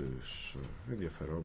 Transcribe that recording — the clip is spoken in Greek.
τους ε, ενδιαφερόμενους